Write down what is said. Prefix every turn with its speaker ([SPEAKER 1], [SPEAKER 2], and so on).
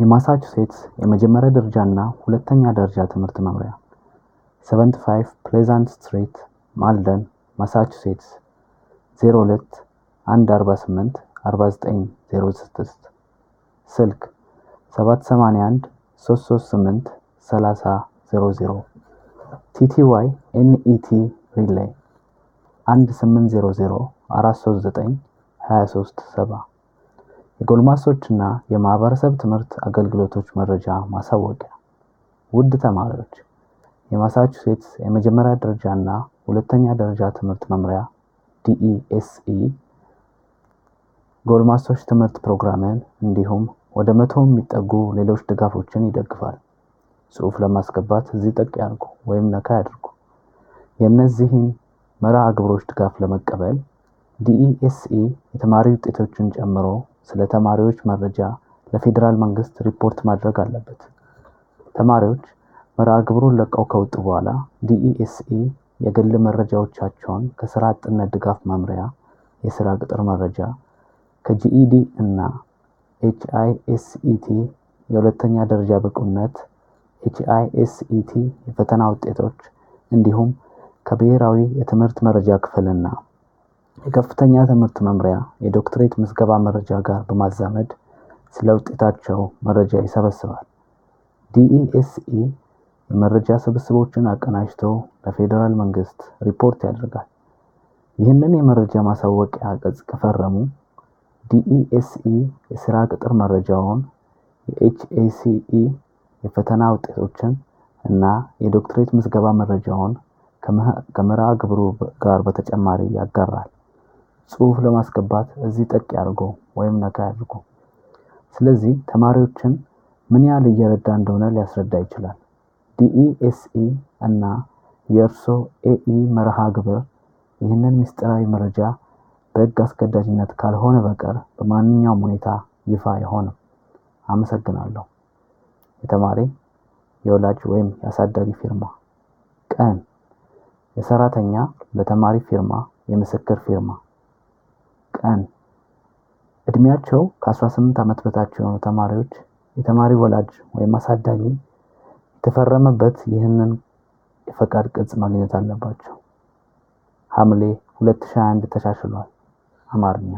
[SPEAKER 1] የማሳቹሴትስ የመጀመሪያ ደረጃ እና ሁለተኛ ደረጃ ትምህርት መምሪያ 75 ፕሌዛንት ስትሪት፣ ማልደን፣ ማሳቹሴትስ 148 4906 ስልክ 781 338 3000 ቲቲዋይ ኤንኢቲ ሪሌይ 1800 439 237 የጎልማሶችና የማህበረሰብ ትምህርት አገልግሎቶች መረጃ ማሳወቂያ። ውድ ተማሪዎች፣ የማሳቹሴትስ የመጀመሪያ ደረጃና ሁለተኛ ደረጃ ትምህርት መምሪያ ዲኢኤስኢ ጎልማሶች ትምህርት ፕሮግራምን እንዲሁም ወደ መቶ የሚጠጉ ሌሎች ድጋፎችን ይደግፋል። ጽሑፍ ለማስገባት እዚህ ጠቅ ያድርጉ ወይም ነካ ያድርጉ። የእነዚህን መርሃ ግብሮች ድጋፍ ለመቀበል ዲኢኤስኢ የተማሪ ውጤቶችን ጨምሮ ስለ ተማሪዎች መረጃ ለፌዴራል መንግስት ሪፖርት ማድረግ አለበት። ተማሪዎች መርሃ ግብሩን ለቀው ከወጡ በኋላ ዲኢኤስኢ የግል መረጃዎቻቸውን ከስራ አጥነት ድጋፍ መምሪያ የስራ ቅጥር መረጃ ከጂኢዲ እና ኤችአይኤስኢቲ የሁለተኛ ደረጃ ብቁነት ኤችአይኤስኢቲ የፈተና ውጤቶች እንዲሁም ከብሔራዊ የትምህርት መረጃ ክፍልና የከፍተኛ ትምህርት መምሪያ የዶክትሬት ምዝገባ መረጃ ጋር በማዛመድ ስለ ውጤታቸው መረጃ ይሰበስባል። ዲኢኤስኢ የመረጃ ስብስቦችን አቀናጅቶ ለፌዴራል መንግስት ሪፖርት ያደርጋል። ይህንን የመረጃ ማሳወቂያ ገጽ ከፈረሙ ዲኢኤስኢ የስራ ቅጥር መረጃውን፣ የኤችኤሲኢ የፈተና ውጤቶችን እና የዶክትሬት ምዝገባ መረጃውን ከመርሃ ግብሩ ጋር በተጨማሪ ያጋራል። ጽሁፍ ለማስገባት እዚህ ጠቅ ያድርጎ ወይም ነካ ያድርጎ። ስለዚህ ተማሪዎችን ምን ያህል እየረዳ እንደሆነ ሊያስረዳ ይችላል። ዲኢኤስኢ እና የእርሶ ኤኢ መርሃ ግብር ይህንን ምስጢራዊ መረጃ በሕግ አስገዳጅነት ካልሆነ በቀር በማንኛውም ሁኔታ ይፋ አይሆንም። አመሰግናለሁ። የተማሪ የወላጅ ወይም የአሳዳጊ ፊርማ ቀን፣ የሰራተኛ ለተማሪ ፊርማ፣ የምስክር ፊርማ ቀን እድሜያቸው ከ18 ዓመት በታች የሆኑ ተማሪዎች የተማሪ ወላጅ ወይም አሳዳጊ የተፈረመበት ይህንን የፈቃድ ቅጽ ማግኘት አለባቸው። ሐምሌ 2021 ተሻሽሏል። አማርኛ